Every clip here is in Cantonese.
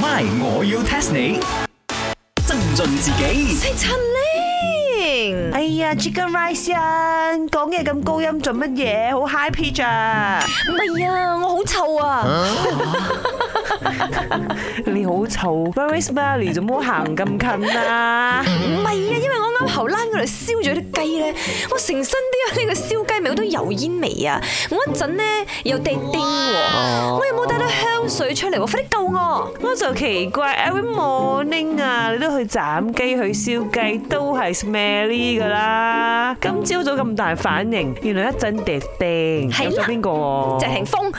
MY，我要 test 你，增進自己。陳玲，哎呀，Chicken Rice 啊，講嘢咁高音做乜嘢？好 high pitch 啊！唔係啊，我好臭啊！你好臭，Brave Smelly，做乜行咁近啊？燒咗啲雞咧，我成身都有呢個燒雞味，好多油煙味啊！我一陣咧又叮叮，我又冇帶到香水出嚟，我快啲救我！我就奇怪，Every morning 啊，你都去斬雞去燒雞，都係 smelly 噶啦！今朝早咁大反應，原來一陣叮叮，係咗邊個？謝霆鋒，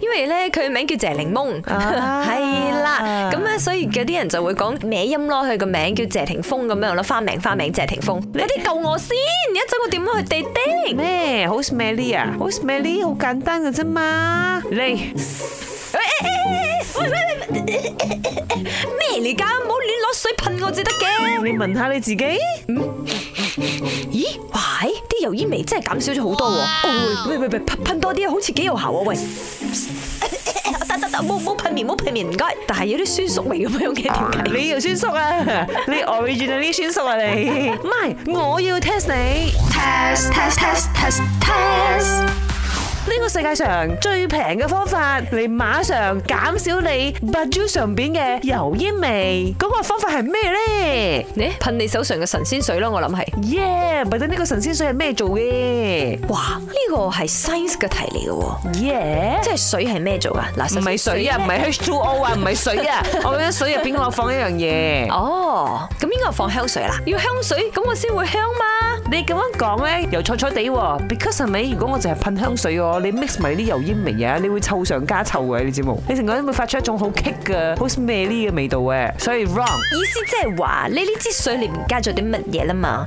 因為咧佢名叫謝檸檬，係啦，咁咧所以有啲人就會講歪音咯，佢個名叫謝霆鋒咁樣。我花名花名謝霆鋒，你啲救我先，一早我點去地丁咩？好 smelly 啊，好 smelly，好簡單㗎啫嘛，嚟，喂喂喂，咩嚟噶？唔好亂攞水噴我至得嘅，你聞下你自己。咦，喂，啲油煙味真係減少咗好多喎。喂喂喂，噴多啲啊，好似幾有效啊，喂。冇冇噴面冇噴面唔該，但係有啲酸縮味咁樣嘅點解？你又酸縮啊？你原嚟啲啊？你酸縮啊？你唔係我要 test 你。呢個世界上最平嘅方法嚟馬上減少你白珠上邊嘅油煙味，嗰、嗰個方法係咩咧？你噴、欸、你手上嘅神仙水咯，我諗係。耶，唔係得呢個神仙水係咩做嘅？哇，yeah? 是是呢個係 science 嘅題嚟嘅。Yeah，即係水係咩做啊？嗱，唔係水啊，唔係 H2O 啊，唔係水啊，我覺得水入邊我放一樣嘢。哦，咁應該放香水啦。要香水咁我先會香嗎？你咁樣講咧，又菜菜地喎，because 係咪？如果我淨係噴香水喎，你 mix 埋啲油煙味嘢，你會臭上加臭嘅，你知冇？你成個人會發出一種好 kick m 好似咩 y 嘅味道嘅，所以 wrong。意思即係話，你呢支水裏面加咗啲乜嘢啦嘛？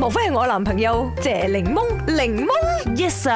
無非係我男朋友，謝檸檬，檸檬，Yes sir，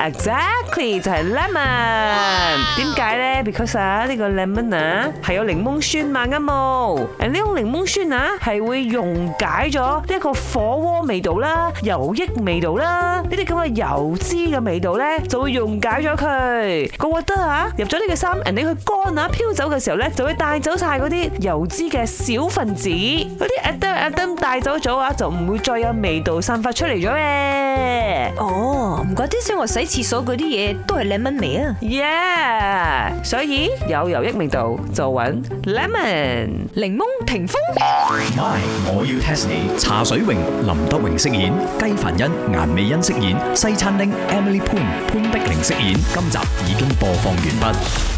exactly 就係 lemon。點解咧？Because 啊，呢個 lemon 啊係有檸檬酸嘛，啱冇？and 呢種檸檬酸啊係會溶解咗呢個火鍋味道啦、油溢味道啦，呢啲咁嘅油脂嘅味道咧就會溶解咗佢，覺唔覺得啊？入咗呢個衫，and 你去乾啊飄走嘅時候咧就會帶走晒嗰啲油脂嘅小分子，嗰啲 atom atom 帶走咗啊就唔會再。佢有味道散發出嚟咗咩？哦，唔怪得先話洗廁所嗰啲嘢都係檸檬味啊！Yeah，所以有油益味道就揾檸檬、檸檬霆鋒。My，我要 test 你。茶水榮林德榮飾演，雞凡欣顏美欣飾演，西餐廳 Emily 潘潘碧玲飾演。今集已經播放完畢。